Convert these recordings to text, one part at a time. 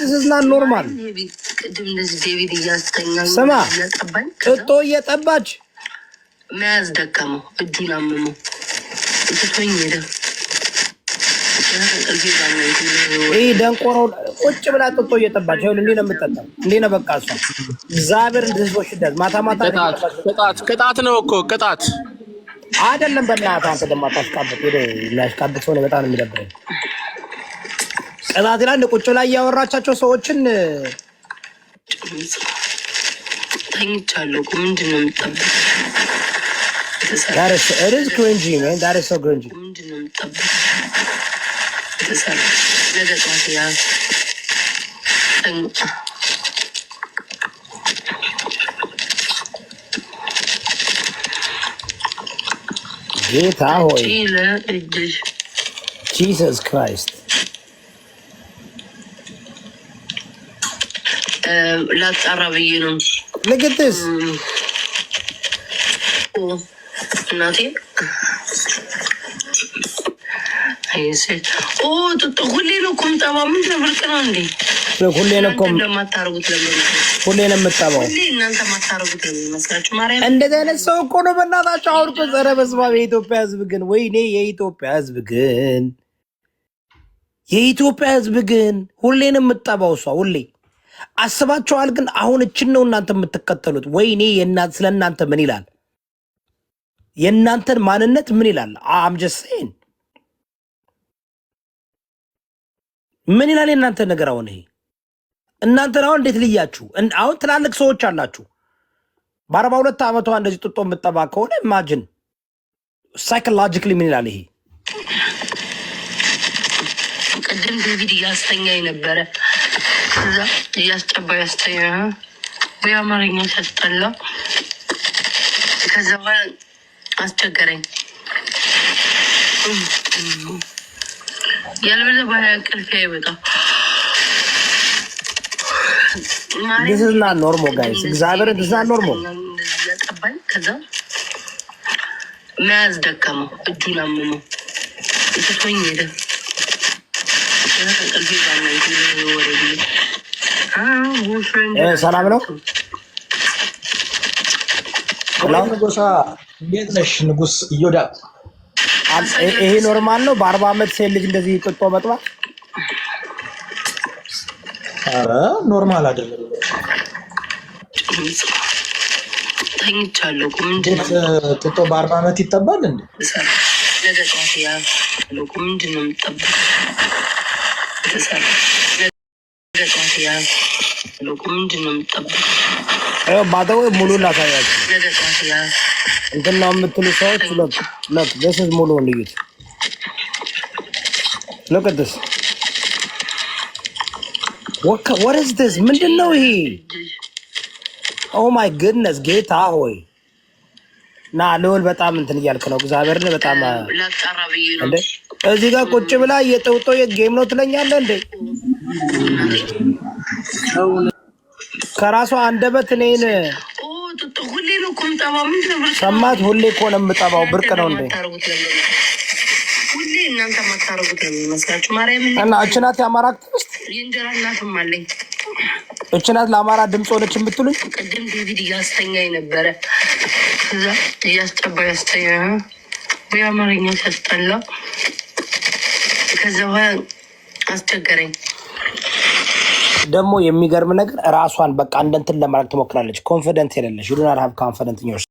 ዲስ ኢዝ ናት ኖርማል። ስማ ጥጦ እየጠባች መያዝ ደከመው፣ እጁን አመመው፣ ይህ ደንቆሮ ቁጭ ብላ ጥጦ እየጠባች ይሁን እንዲህ ነው የምጠጣው፣ እንዲህ ነው በቃ። እሷ እግዚአብሔር ህዝቦች ደግ ማታ ማታ ቅጣት ነው እኮ ቅጣት አይደለም። በእናትህ አንተ ደግሞ አታሽቃብጥ። ሄደ የሚያሽቃብጥ ሰው በጣም የሚደብረኝ። ቅባት ላይ ቁጭ ላይ እያወራቻቸው ሰዎችን ተኝቻለሁ። ጌታ ሆይ ጂሰስ ክራይስት ላጣራ ብዬ ነው። ልግጥስ እናቴ ሁሌ ነው እኮ የምጠባው። ምን ነው እንዴ? ሁሌ ነው እኮ ሁሌ ነው የምጠባው። እናንተ እንደዚህ አይነት ሰው እኮ ነው። በእናታቸው የኢትዮጵያ ሕዝብ ግን ወይኔ የኢትዮጵያ ሕዝብ ግን የኢትዮጵያ ሕዝብ ግን ሁሌ ነው የምጠባው እሷ ሁሌ አስባችኋል? ግን አሁን እችን ነው እናንተ የምትከተሉት። ወይኔ ስለ እናንተ ምን ይላል? የእናንተን ማንነት ምን ይላል? አምጀሴን ምን ይላል? የእናንተ ነገር አሁን ይሄ እናንተን አሁን እንዴት ልያችሁ? አሁን ትላልቅ ሰዎች አላችሁ። በአርባ ሁለት ዓመቷ እንደዚህ ጥጦ የምጠባ ከሆነ ኢማጅን ሳይኮሎጂካሊ ምን ይላል ይሄ ቅድም ዴቪድ እያስተኛኝ ነበረ ከዛ እያስጠባ ያስተኛ ወይ አማርኛ ሲያስጠላ ከዛ በኋላ አስቸገረኝ። ያልበለ ባህያ ቅልፊያ ይወጣል። ኖርሞ ጋይስ እግዚአብሔር ኖርሞ ያጠባኝ። ከዛ መያዝ ደከመው፣ እጁን ሄደ። ወረ Eh, ሰላም ነው። ንጉሳ እንዴት ነሽ? ንጉስ እዮዳ ይሄ ኖርማል ነው? በአርባ ዓመት ሴት ልጅ እንደዚህ ጥጦ መጥባት ኖርማል አይደለም። ተኝቻለሁ። ምንድን ጥጦ በአርባ ዓመት ይጠባል እንዴ? ምንድን ነው Look, look, this is Mulu only. Look at this. What what is this? Oh my goodness, get away. ና ልውል በጣም እንትን እያልክ ነው። እግዚአብሔርን በጣም ላጣራ ብዬ ነው። እዚህ ጋር ቁጭ ብላ የጠውጦ የጌም ነው ትለኛለህ እንዴ? ከራሷ አንደበት እኔን ሰማት። ሁሌ እኮ ነው የምጠባው። ብርቅ ነው እንዴ? እና እችናት የአማራ አክቲቪስት የእንጀራ አለኝ። እችናት ለአማራ ድምፅ ሆነች የምትሉኝ ቅድም ዴቪድ እያስተኛ የነበረ እዛ እያስጠባ ያስተኛ ነው ወይ ሲያስጠላ። ከዛ በኋላ አስቸገረኝ። ደግሞ የሚገርም ነገር ራሷን በቃ እንደንትን ለማድረግ ትሞክራለች። ኮንፊደንት የሌለሽ ዩዶናል ሀብ ኮንፊደንት ኞር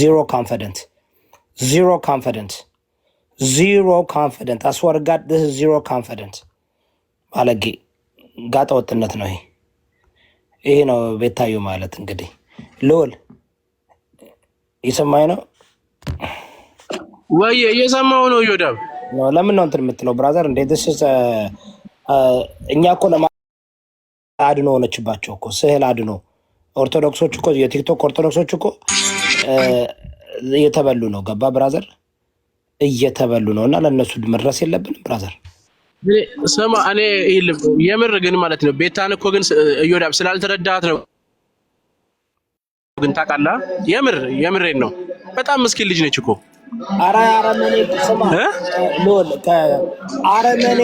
ዚሮ ኮንፊደንት ዚሮ ኮንፊደንት ዚሮ ኮንፊደንት አስወርጋድ ስ ዚሮ ኮንፊደንት ባለጌ ጋጠ ወጥነት ነው ይሄ። ይሄ ነው ቤታዩ ማለት እንግዲህ ልውል እየሰማኸኝ ነው ወይ? እየሰማሁ ነው። ዮዳብ ለምን ነው እንትን የምትለው ብራዘር? እንዴ እኛ እኮ ለማ አድኖ ሆነችባቸው እኮ ስህል አድኖ ኦርቶዶክሶች እኮ የቲክቶክ ኦርቶዶክሶች እኮ እየተበሉ ነው። ገባ ብራዘር? እየተበሉ ነው። እና ለእነሱ መድረስ የለብንም ብራዘር። ስማ እኔ የምር ግን ማለት ነው ቤታን እኮ ግን እዮዳብ ስላልተረዳት ነው ግን ታውቃለህ፣ የምር የምሬን ነው። በጣም ምስኪን ልጅ ነች እኮ አረ አረመኔ ሎል አረመኔ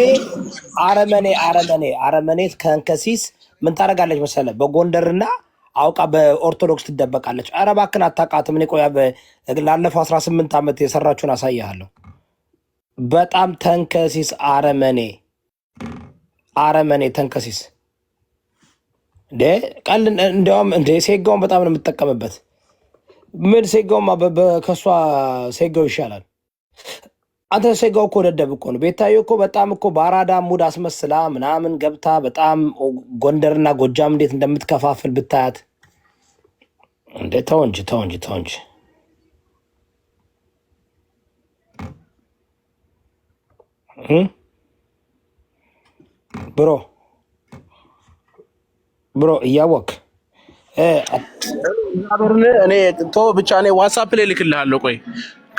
አረመኔ አረመኔ አረመኔ ከንከሲስ ምን ታደርጋለች መሰለ በጎንደርና አውቃ በኦርቶዶክስ ትደበቃለች። አረ እባክህን አታውቃትም። እኔ ቆይ ላለፈው 18 ዓመት የሰራችሁን አሳያለሁ። በጣም ተንከሲስ አረመኔ አረመኔ ተንከሲስ ቃል እንዲያውም እንደ ሴጋውን በጣም ነው የምጠቀምበት። ምን ሴጋውም ከእሷ ሴጋው ይሻላል። አንተ ሴጋው እኮ ደደብ እኮ ነው። ቤታዬ እኮ በጣም እኮ በአራዳ ሙድ አስመስላ ምናምን ገብታ በጣም ጎንደርና ጎጃም እንዴት እንደምትከፋፍል ብታያት። እንዴ ተው እንጂ ተው እንጂ ተው እንጂ። ብሮ ብሮ እያወክ እግዚአብሔርን እኔ ቶ ብቻ እኔ ዋትሳፕ ላይ ልክልሃለሁ። ቆይ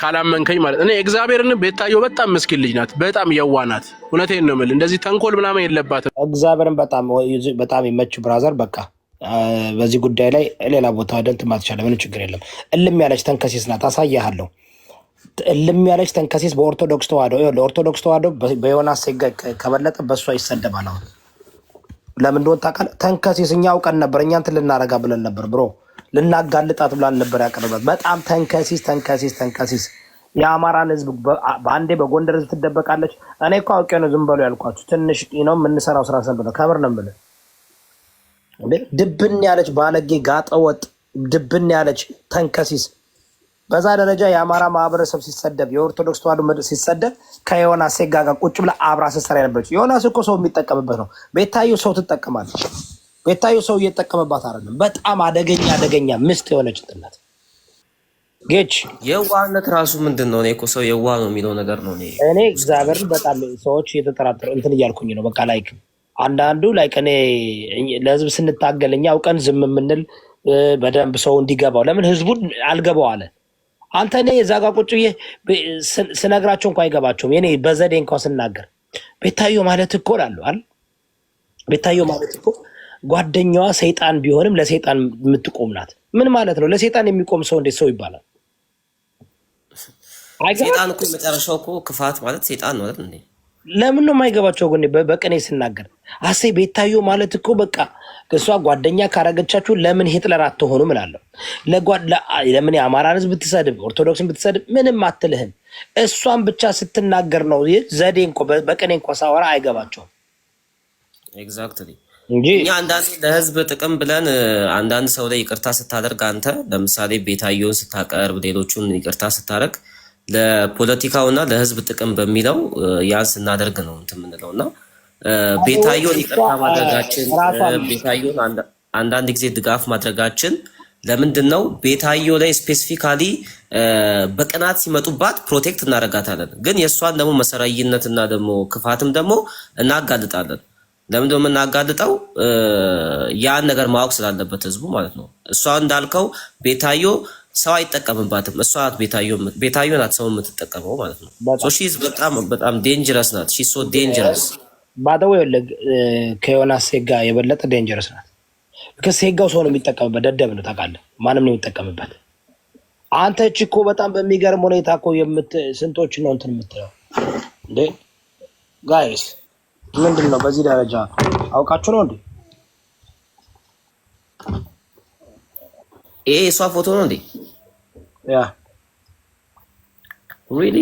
ካላመንከኝ ማለት እኔ እግዚአብሔርን ቤታየው በጣም ምስኪን ልጅ ናት። በጣም የዋ ናት። እውነቴን ነው የምልህ። እንደዚህ ተንኮል ምናምን የለባትም። እግዚአብሔርን በጣም በጣም የመች ብራዘር። በቃ በዚህ ጉዳይ ላይ ሌላ ቦታ ደን ትማት ይቻለ ምን ችግር የለም። እልም ያለች ተንከሴስ ናት። አሳያሃለሁ። እልም ያለች ተንከሴስ በኦርቶዶክስ ተዋህዶ ለኦርቶዶክስ ተዋህዶ በዮናስ ከበለጠ በእሷ ይሰደባል አሁን ለምን እንደሆነ ታውቃለህ? ተንከሴስ እኛ አውቀን ነበር። እኛ እንትን ልናረጋ ብለን ነበር ብሮ ልናጋልጣት ብላን ነበር ያቀርበት። በጣም ተንከሲስ ተንከሲስ ተንከሲስ። የአማራን ህዝብ በአንዴ በጎንደር ህዝብ ትደበቃለች። እኔ እኮ አውቄ ነው ዝም በሉ ያልኳችሁ። ትንሽ ነው የምንሰራው ስራ ሰንብ ነው። ከምር ነው የምልህ። ድብን ያለች ባለጌ ጋጠወጥ፣ ድብን ያለች ተንከሲስ በዛ ደረጃ የአማራ ማህበረሰብ ሲሰደብ፣ የኦርቶዶክስ ተዋሕዶ መድረክ ሲሰደብ ከዮና ሴጋ ጋር ቁጭ ብላ አብራ ስትሰራ የነበረችው ዮናስ እኮ ሰው የሚጠቀምበት ነው። ቤታዩ ሰው ትጠቀማለች። ቤታዩ ሰው እየጠቀመባት አይደለም። በጣም አደገኛ አደገኛ ምስት የሆነች እንትን ጌች የዋህነት ራሱ ምንድን ነው? እኔ እኮ ሰው የዋህ ነው የሚለው ነገር ነው። እኔ እግዚአብሔር በጣም ሰዎች እየተጠራጠሩ እንትን እያልኩኝ ነው። በቃ ላይክ አንዳንዱ ላይክ እኔ ለህዝብ ስንታገል እኛ አውቀን ዝም የምንል በደንብ ሰው እንዲገባው ለምን ህዝቡን አልገባው አለ አንተ እኔ እዛ ጋር ቁጭ ብዬ ስነግራቸው እንኳ አይገባቸውም። የኔ በዘዴ እንኳ ስናገር ቤታዮ ማለት እኮ ላሉ አል ቤታዮ ማለት እኮ ጓደኛዋ ሰይጣን ቢሆንም ለሰይጣን የምትቆም ናት። ምን ማለት ነው? ለሰይጣን የሚቆም ሰው እንዴት ሰው ይባላል? ሰይጣን እኮ የመጨረሻው እኮ ክፋት ማለት ሰይጣን ነው አይደል? ለምን ነው የማይገባቸው? ግን በቅኔ ስናገር አሴ ቤታዮ ማለት እኮ በቃ እሷ ጓደኛ ካረገቻችሁ ለምን ሂትለር አትሆኑም እላለሁ። ለምን የአማራን ህዝብ ብትሰድብ፣ ኦርቶዶክስን ብትሰድብ ምንም አትልህም። እሷን ብቻ ስትናገር ነው። ዘዴ እንኳ በቅኔ ሳወራ አይገባቸውም። ኤግዛክትሊ እንጂ እኛ አንዳንድ ለህዝብ ጥቅም ብለን አንዳንድ ሰው ላይ ይቅርታ ስታደርግ አንተ ለምሳሌ ቤታየውን ስታቀርብ፣ ሌሎቹን ይቅርታ ስታደርግ ለፖለቲካውና ለህዝብ ጥቅም በሚለው ያን ስናደርግ ነው እንትን የምንለው እና ቤታዮን ይቅርታ ማድረጋችን ቤታዮን አንዳንድ ጊዜ ድጋፍ ማድረጋችን ለምንድን ነው ቤታዮ ላይ ስፔሲፊካሊ በቅናት ሲመጡባት ፕሮቴክት እናደርጋታለን፣ ግን የእሷን ደግሞ መሰረይነትና ደግሞ ክፋትም ደግሞ እናጋልጣለን። ለምን ደግሞ የምናጋልጠው? ያን ነገር ማወቅ ስላለበት ህዝቡ ማለት ነው። እሷ እንዳልከው ቤታዮ ሰው አይጠቀምባትም። እሷ ናት ቤታዮ ናት ሰው የምትጠቀመው ማለት ነው። በጣም በጣም ዴንጀረስ ናት። ሺ ሶ ዴንጀረስ ባደው ከዮናስ ሴጋ የበለጠ ዴንጀረስ ናት። ሴጋው ሰው ነው የሚጠቀምበት፣ ደደብ ነው ታውቃለህ። ማንም ነው የሚጠቀምበት። አንተ እች እኮ በጣም በሚገርም ሁኔታ እኮ ስንቶች ነው እንትን የምትለው እንዴ? ጋይስ ምንድን ነው በዚህ ደረጃ አውቃችሁ ነው እንዴ? ይሄ የእሷ ፎቶ ነው እንዴ? ያ ሪሊ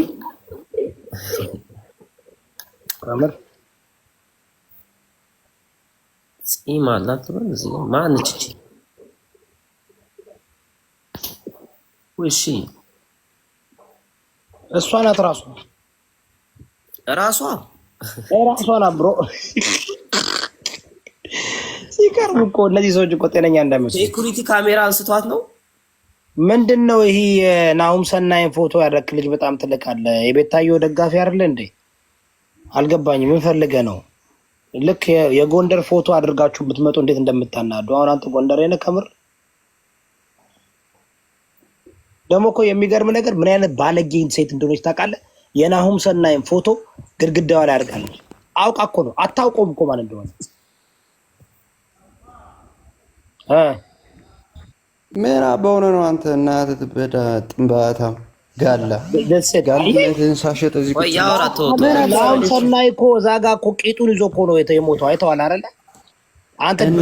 ኢማን አትበል። እዚህ ማነች እቺ? ወሺ እሷ ናት ራሷ ራሷ ራሷ ናት ብሮ ሲቀርብ እኮ እነዚህ ሰዎች እኮ ጤነኛ እንዳይመስሉ ሴኩሪቲ ካሜራ አንስቷት ነው። ምንድን ነው ይሄ? ናሁም ሰናይን ፎቶ ያደረክ ልጅ በጣም ትልቅ አለ። የቤታየው ደጋፊ አይደለ እንዴ? አልገባኝም። ምን ፈልገህ ነው? ልክ የጎንደር ፎቶ አድርጋችሁ ብትመጡ እንዴት እንደምታናዱ። አሁን አንተ ጎንደር ነህ። ከምር ደግሞ እኮ የሚገርም ነገር ምን አይነት ባለጌን ሴት እንደሆነች ታውቃለህ? የናሁም ሰናይም ፎቶ ግድግዳዋ ላይ አድርጋለች። አውቃ እኮ ነው። አታውቀውም እኮ ማለት እንደሆነ ምን በሆነ ነው አንተ እናትህ በዳ ጥንባታ ጋላ እዚህ ሰናይ እኮ እዛ ጋ እኮ ቂጡን ይዞ እኮ ነው የሞተው። አይተዋል አይደለ? አንተ ነው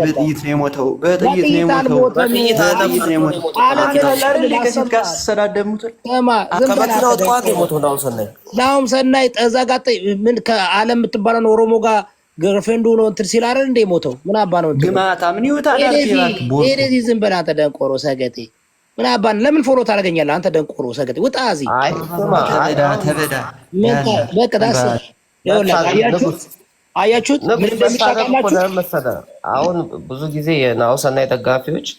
በጥይት ነው የሞተው። በጥይት ነው የሞተው። በጥይት ነው የሞተው። ጋር ሰናይ እዛ ጋ ምን ከአለም የምትባለው ኦሮሞ ጋር ነው እንትን ሲል አይደል እንደ የሞተው። ምን አባ ነው ግማታ ምን ይወጣል? ዝም በል አንተ ሰገጤ ምን አባን ለምን ፎሎ ታደርገኛለህ አንተ ደንቆሮ ሰገጤ ውጣ እዚህ አያችሁት ምን እንደሚሻላችሁ አሁን ብዙ ጊዜ የናሁሰናይ ደጋፊዎች